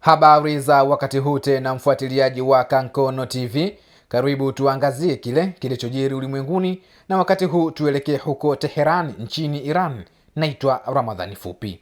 Habari za wakati huu tena, mfuatiliaji wa Kankono TV, karibu tuangazie kile kilichojiri ulimwenguni, na wakati huu tuelekee huko teheran nchini Iran. Naitwa Ramadhani Fupi.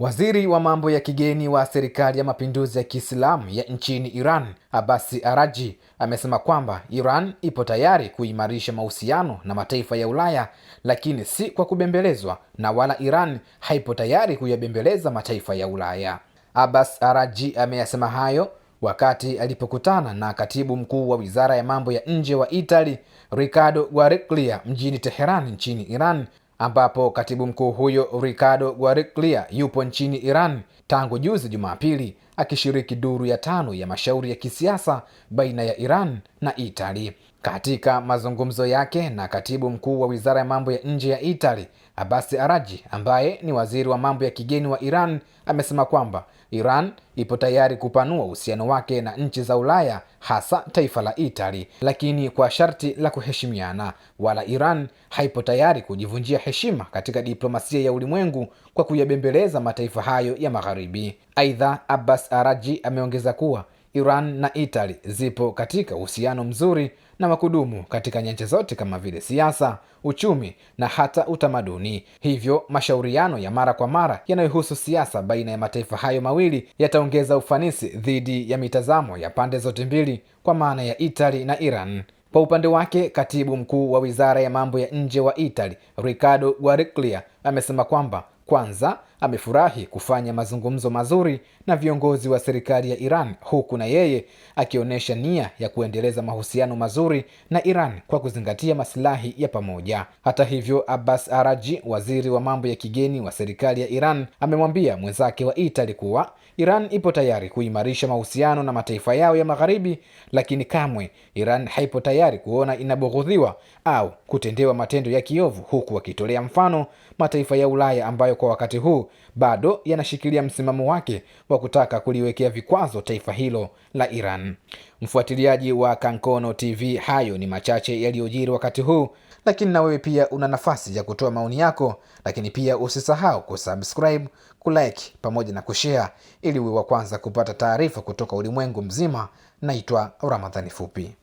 Waziri wa mambo ya kigeni wa serikali ya mapinduzi ya Kiislamu ya nchini Iran, Abasi Araji, amesema kwamba Iran ipo tayari kuimarisha mahusiano na mataifa ya Ulaya, lakini si kwa kubembelezwa na wala Iran haipo tayari kuyabembeleza mataifa ya Ulaya. Abas Araji ameyasema hayo wakati alipokutana na katibu mkuu wa wizara ya mambo ya nje wa Itali Ricardo Guariglia mjini Teheran nchini Iran ambapo katibu mkuu huyo Ricardo Guariclia yupo nchini Iran tangu juzi Jumapili akishiriki duru ya tano ya mashauri ya kisiasa baina ya Iran na Itali. Katika mazungumzo yake na katibu mkuu wa wizara ya mambo ya nje ya itali abasi Araji, ambaye ni waziri wa mambo ya kigeni wa Iran, amesema kwamba Iran ipo tayari kupanua uhusiano wake na nchi za Ulaya, hasa taifa la itali lakini kwa sharti la kuheshimiana, wala Iran haipo tayari kujivunjia heshima katika diplomasia ya ulimwengu kwa kuyabembeleza mataifa hayo ya Magharibi. Aidha, Abbas Araji ameongeza kuwa Iran na Itali zipo katika uhusiano mzuri na wa kudumu katika nyanja zote kama vile siasa, uchumi na hata utamaduni. Hivyo, mashauriano ya mara kwa mara yanayohusu siasa baina ya mataifa hayo mawili yataongeza ufanisi dhidi ya mitazamo ya pande zote mbili, kwa maana ya itali na Iran. Kwa upande wake, katibu mkuu wa wizara ya mambo ya nje wa itali Ricardo Guariglia, amesema kwamba kwanza amefurahi kufanya mazungumzo mazuri na viongozi wa serikali ya Iran huku na yeye akionyesha nia ya kuendeleza mahusiano mazuri na Iran kwa kuzingatia masilahi ya pamoja. Hata hivyo, Abbas Araji, waziri wa mambo ya kigeni wa serikali ya Iran, amemwambia mwenzake wa Itali kuwa Iran ipo tayari kuimarisha mahusiano na mataifa yao ya Magharibi, lakini kamwe Iran haipo tayari kuona inabughudhiwa au kutendewa matendo ya kiovu, huku wakitolea mfano mataifa ya Ulaya ambayo kwa wakati huu bado yanashikilia msimamo wake wa kutaka kuliwekea vikwazo taifa hilo la Iran. Mfuatiliaji wa Kankono TV, hayo ni machache yaliyojiri wakati huu, lakini na wewe pia una nafasi ya kutoa maoni yako, lakini pia usisahau kusubscribe, kulike pamoja na kushare ili uwe wa kwanza kupata taarifa kutoka ulimwengu mzima. Naitwa Ramadhani Fupi.